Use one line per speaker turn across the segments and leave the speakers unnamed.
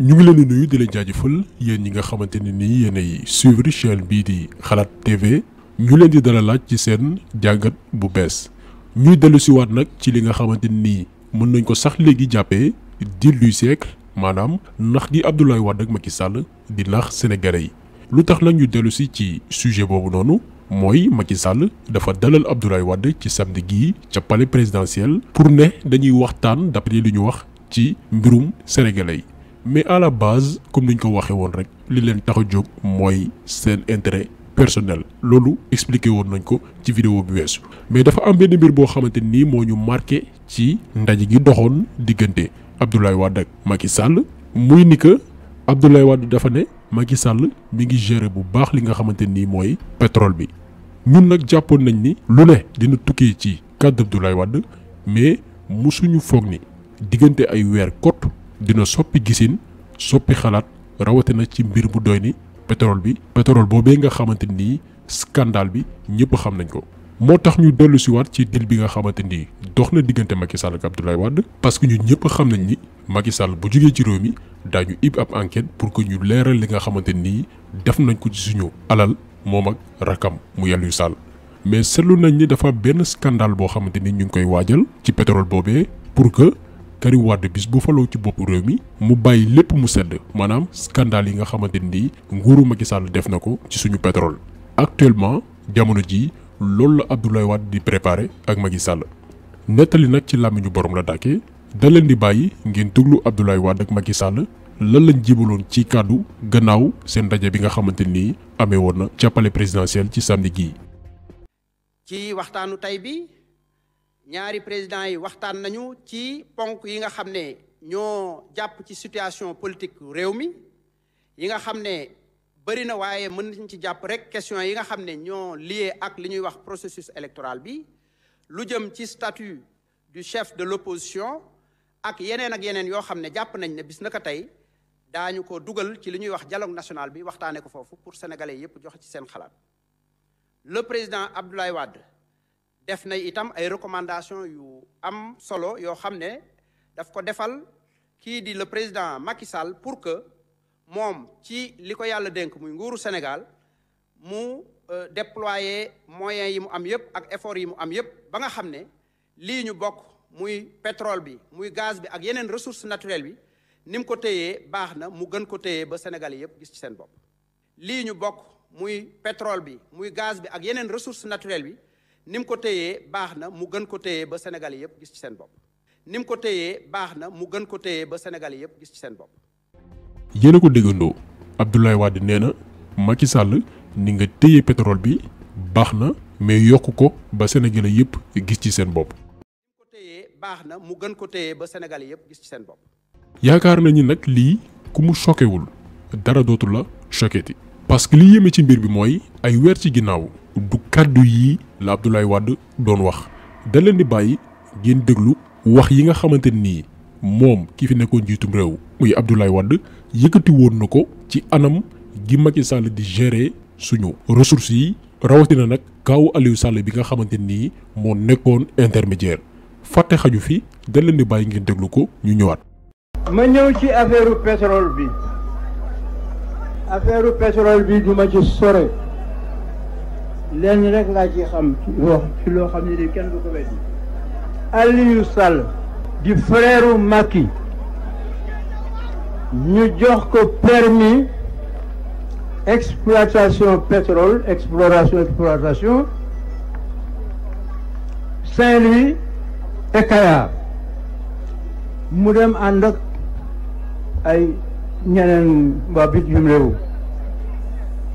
ñu ngi leen di nuyu di leen jaajëfal yéen ñi nga xamante ne nii yéenay suivre chaîne bii di xalaat TV ñu leen di dala laaj ci seen jàngat bu bees ñuy dellu si waat nag ci li nga xamante ni mën nañ ko sax léegi jàppee deal du siècle maanaam nax gi Abdoulaye Wade ak Macky di nax sénégalais yi lu tax nag ñu dellu si ci sujet boobu noonu mooy Macky Sall dafa dalal Abdoulaye Wade ci samedi gii ca palais présidentiel pour ne dañuy waxtaan d'après li ñu wax ci mbirum sénégalais yi. mais à la base comme niñ ko waxé won rek li leen a moy sen intérêt personnel loolu expliqué won nañ ko ci vidéo bi mais dafa am bénn bir bo xamanteni qui ñu marqué ci ndaje gi Abdoulaye Wade Macky Sall muy ni que Abdoulaye Wade dafa né Macky Sall mi ngi gérer bu li pétrole bi ñun nak ni ci Abdoulaye Wade mais musuñu dina soppi gisin soppi xalaat na ci mbir bu doyni pétrole bi pétrole boobee nga xamante ni scandale bi ñëpp xam nañ ko moo ñu dellu si waat ci dil bi nga xamante ni dox na diggante Macky Sall ak Abdoulaye Wade parce que ñun ñëpp xam nañ ni Macky Sall bu jógee ci réew mi daañu ib ab enquête pour que ñu leeral li nga xamante ni def nañ ko ci suñu alal moom ak rakam mu yàllu Sall mais seetlu nañ ni dafa benn scandale boo xamante ni ñu ngi koy waajal ci pétrole boobee pour que Kari Wade bis bu faloo ci bop rew mi mu bay lepp mu sedd manam scandale yi nga xamanteni ni nguuru Macky Sall def nako ci suñu pétrole actuellement jamono ji lol la Abdoulaye Wade di préparer ak Macky Sall netali nak ci lamiñu borom la daké da leen di bayyi ngeen tuglu Abdoulaye Wade ak Macky Sall lan lañ jibulon ci cadeau gannaaw sen ndaje bi nga xamanteni ni palais présidentiel ci samedi gi
ci waxtanu tay bi ñaari président yi waxtaan nañu ci ponk yi nga xam ne ñoo jàpp ci situation politique réew mi yi nga xam ne bëri na waaye mën nañ ci jàpp rek question yi nga xam ne ñoo lié ak li ñuy wax processus électoral bi lu jëm ci statut du chef de l'opposition ak yeneen ak yeneen yoo xam ne jàpp nañ ne bis na ko tey daañu ko dugal ci li ñuy wax dialogue national bi waxtaanee ko foofu pour sénégalais yépp joxe ci seen xalaat le président Abdoulaye Wade def na itam ay recommandations yu am solo yo xamné daf ko defal ki di le président Macky Sall pour que mom ci liko yalla denk muy nguuru Sénégal mu euh, déployer moyens yi mu am yépp ak effort yi mu am yépp ba nga xamné li ñu bok muy pétrole bi muy gaz bi ak yenen ressources naturelles bi nim ko teyé baxna na mu gën ko teyé ba Sénégal yépp gis ci sen bop li ñu bok muy pétrole bi muy gaz bi ak yenen ressources naturelles bi ni ko téye baax na mu gën ko téyee ba Sénégal yëpp gis ci seen bopp ni mu ko téyee baax na mu gën ko ba Sénégal yëpp gis ci seen bopp.
a ko déggandoo Abdoulaye Wade nee na Macky Sall ni nga téye pétrole bi baax na mais yokk ko ba Sénégalais yëpp gis ci seen bopp. ni ko téyee
baax na mu gën ko téyee ba Sénégalais yëpp gis ci seen bopp.
yaakaar nañu nag lii ku mu choqué wul dara dootu la choqué ti parce que li yéeme ci mbir bi mooy ay weer ci ginnaaw. kaddu yi la Abdoulaye wad doon wax da leen di bàyyi ngeen déglu wax yi nga xamante nii moom ki fi nekkoon njiitum réew muy Abdoulaye wad yëkkati woon na ko ci anam gi Macky Sall di gérer suñu ressources yi rawatina nag kaawu Aliou Sall bi nga xamante nii moo nekkoon intermédiaire fàtte xaju fi da leen di bàyyi ngeen déglu ko ñu ñëwaat.
ma ñëw ci affaire pétrole bi affaire pétrole bi du ma ci sore. lenn rek laa ci xam ci loo xam ne de kenn du ko weddi Aliou Sall di frère Macky ñu jox ko permis exploitation pétrole exploration exploitation Saint-Louis et Kayar mu dem ànd ak ay ñeneen waa bit yum réew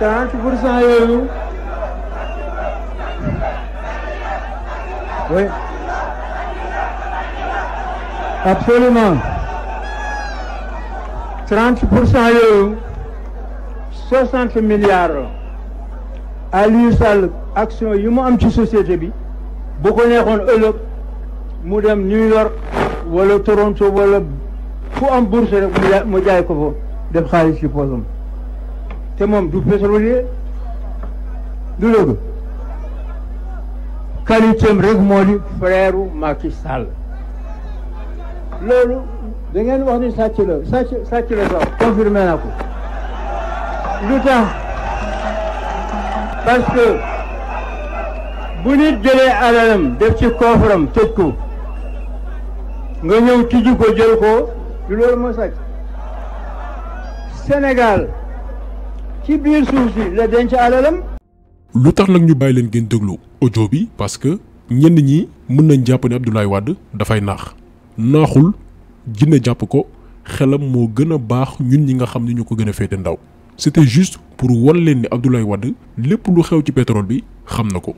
30 pour cent oui absolument 30 pour 60 milliards à lui action yi mu am ci société bi bu ko neexoon ëllëg mu dem New York wala Toronto wala fu am bourse rek mu jaay ko fa def xaalis ci te moom du pétrolier du dëgg qualitéem rek moo di frère Macky Sall loolu da wax ni sàcc la sàcc sàcc la sax confirmé naa ko lu tax parce bu nit jëlee alalam def ci koofaram tëj ko nga ñëw tijji ko jël ko du loolu moo sàcc Sénégal ci biir suuf si
lu tax nag ñu bàyyi leen ngeen déglu audio bi parce que ñenn ñi mën nañ jàpp ne Abdoulaye Wade dafay naax naaxul jinne jàpp ko xelam moo gën a baax ñun ñi nga xam ne ñu ko gën a féete ndaw. c'était juste pour wan leen ni Abdoulaye Wade lépp lu xew ci pétrole bi xam na ko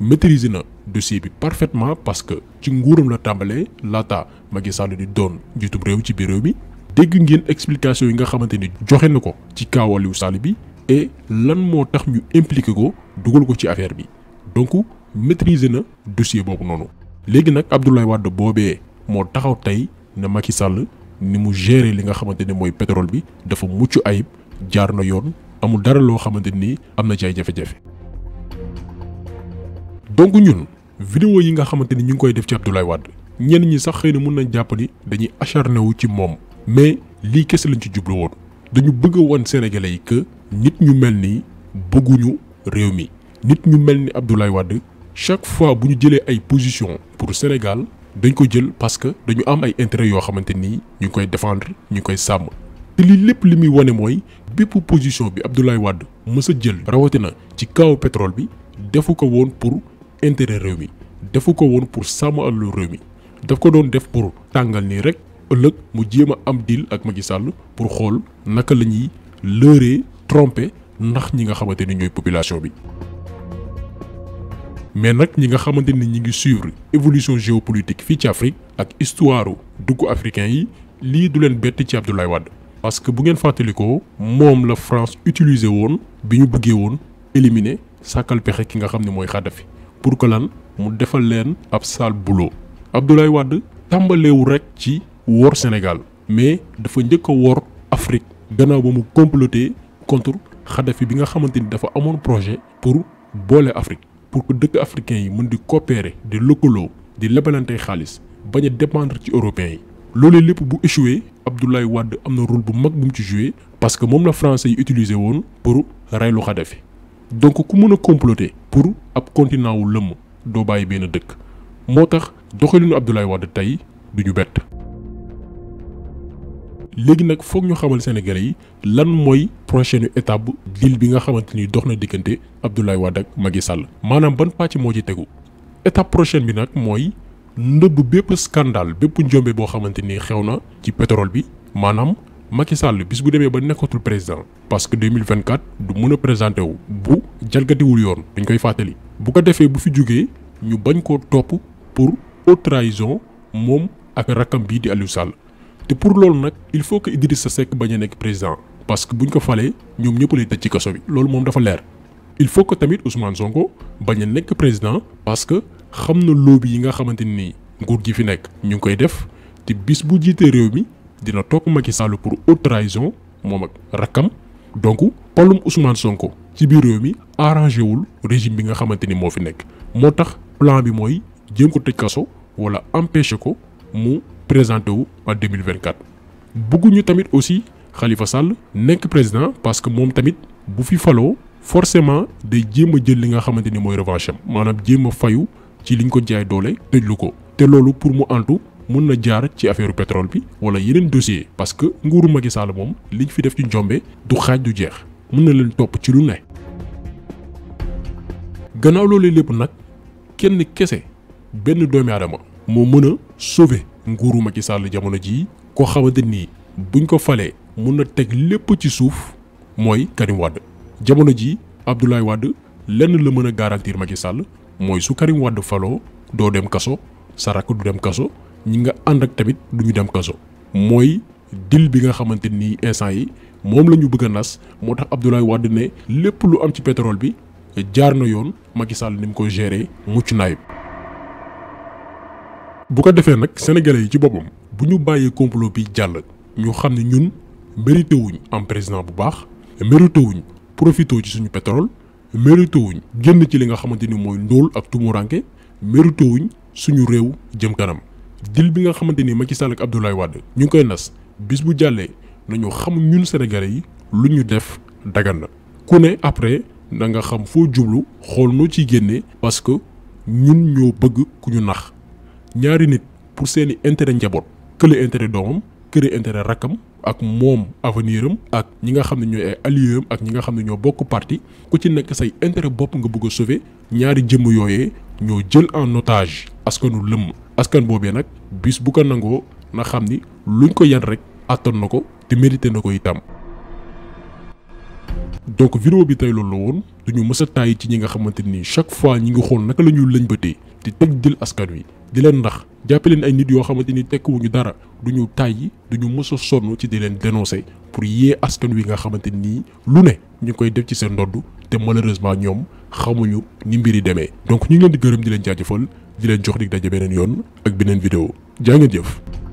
maîtriser na dossier bi parfaitement parce que ci nguuram la tàmbalee laata Macky Sall di doon njiitum réew ci biir bi dégg ngeen explication yi nga xamante ni joxe na ko ci kaw Aliou Sall bi et lan mo tax ñu impliqué ko dugul ko ci affaire bi donc maîtrisez-le dossier boobu noonu. légui nak Abdoulaye Wade Bobé, mo taxaw tay ne Macky Sall ni mu gérer li nga xamanteni pétrole bi dafa muccu ayib jaar na yoon amul dara ci ay jafé jafé donc ñun vidéo yi nga xamanteni ñu Abdoulaye Wade ñi sax na nous nañ ni dañuy acharné wu ci mais kese lañ ci jublu won dañu bëgg sénégalais nit ñu mel ni bëgguñu réew mi nit ñu mel ni Abdoulaye Wade chaque fois bu ñu jëlee ay position pour Sénégal dañ ko jël parce que dañu am ay intérêt yoo xamante ni ñu ngi koy défendre ñu koy sàmm te li lépp li muy wane mooy bépp position bi Abdoulaye Wade mësa a jël rawatina ci kaw pétrole bi defu ko woon pour intérêt réew mi defu ko woon pour sàmm alalu réew mi daf ko doon def pour tàngal ni rek ëllëg mu jéem a am deal ak Macky pour xool naka la ñuy tromper ndax ñi nga xamante ñoy population bi mais nak ñi nga xamante ñi ngi suivre évolution géopolitique fi ci Afrique ak histoire dugg africain yi li du len bett ci Abdoulaye Wade parce que bu ngeen fateliko mom la France utiliser woon biñu ñu bëggee éliminer sakal pexé ki nga xamni moy xadafi pour que lan mu defal len ab sal boulot Abdoulaye Wade wu rek ci wor Sénégal mais dafa njëkk a wor Afrique gannaaw ba mu comploter contre Kadhafi bi nga xamanteni dafa amone projet pour Bolé Afrique pour que deuk africain yi mën di coopérer di lokolo di lebalante xaliss baña dépendre ci européens yi. loolee lépp bu échoué Abdoulaye Wade amna rôle bu mag bu mu ci jouer parce que mom la français yi utiliser won pour reylu Kadhafi donc ku mëna comploter pour ab continent wu leum do baye ben deuk motax tax doxalinu Abdoulaye Wade tay du ñu léegi nak fokk ñu xamal Sénégalais yi lan moy prochaine étape dil bi nga xamanteni ni dox na Abdoulaye Wade ak Macky Sall manam ban pàcc moo ci tegu étape prochaine bi nak moy ndëbb bép scandale bép njombé bo xamanteni xewna ci pétrole bi manam Macky Sall bis bu démé ba nekkatul président parce que 2024 du mëna a présenté wu bu jalgatiwul yoon dañ koy fàttali. bu ko défé bu fi jógee ñu bañ ko top pour haute trahison mom ak rakam bi di Aliou Sall. Et pour loolu il faut que Idrissa Seck bañ président parce que buñ ko falee mieux ñëpp lay tëj ci kaso bi loolu moom dafa il faut que tamit Ousmane zongo banyanek président parce que xam na lobby yi nga xamanteni ni nguur gi fi nek ñu koy def te bis bu jité réew mi dina tok Macky Sall pour haute trahison mon ak rakam donc palum Ousmane Sonko ci biir réew mi arrangé wul régime bi nga xamanteni mo fi nek motax plan bi moy jëm ko tëj kasso wala empêcher ko mu présenté wu en 2024 bëgguñu tamit aussi Khalifa Sall nekk président parce que moom tamit bu fi faloo forcément de djema a li nga xamanteni moy revanche manam djema fayu ci liñ ko jaay doole tëjlu ko té lolu pour mu antu mën na jaar ci affaire pétrole bi wala yeneen dossier parce que nguru Macky Sall moom liñ fi def ci njombé du xaaj du jeex mën na leen top ci lu ne. gannaaw loolee lépp nak kenn kessé benn doomi adama mo mën sauver nguuru Macky Sall jamono jii koo xamante ni buñ ko falee mun na teg lépp ci suuf mooy Karim jamono jii Abdoulaye Wade lenn la mën a garantir Macky Sall mooy su Karim Wade faloo doo dem kaso sa rakk du dem kaso ñi nga ànd ak tamit du ñu dem kaso mooy dil bi nga xamante ni instant yi moom la ñu bëgg a nas moo tax Abdoulaye Wade ne lépp lu am ci pétrole bi jaar na yoon Macky Sall ni mu ko géré mucc naayib bu ko defee nag sénégalais yi ci boppam bu ñu bàyyee complot bi jàll ñu xam ne ñun mérité wuñ am président bu baax mérité wuñ profité ci suñu pétrole mérité wuñ génn ci li nga xamante ni mooy ndóol ak tumuranke mérité wuñ suñu réew jëm kanam dil bi nga xamante ni Macky Sall ak Abdoulaye Wade ñu koy nas bis bu jàllee nañu xam ñun sénégalais yi lu ñu def dagan na ku ne après da nga xam foo jublu xool noo ciy parce que ñun ñoo bëgg ku ñu nax ñaari nit pour seeni intérêt njaboot kële intérêt doomam kële intérêt rakkam ak moom avenir am ak ñi nga xam ne ñoo ay allié ak ñi nga xam ne ñoo bokk parti ku ci nekk say intérêt bopp nga bëgg a ñaari jëmm yooyee ñoo jël en otage askanu lëmm askan boobee nag bis bu ko nangoo na xam ni luñ ko yan rek attan na ko te mérité na ko itam. donc vidéo bi tey loolu la woon duñu mës a tàyyi ci ñi nga xamante ni chaque fois ñi ngi xool naka la ñuy lëñbatee di teg dil askan wi. di leen ndax jàppe leen ay nit yoo xamante ni tekkiwuñu dara duñu tàyyi duñu mës a sonn ci di leen dénoncer pour yee askan wi nga xamante nii lu ne ñu koy def ci seen ndodd te malheureusement ñoom xamuñu ni mbir yi demee donc ñu ngi di gërëm di leen jaajëfal di leen jox di daje beneen yoon ak beneen vidéo jaa ngeen jëf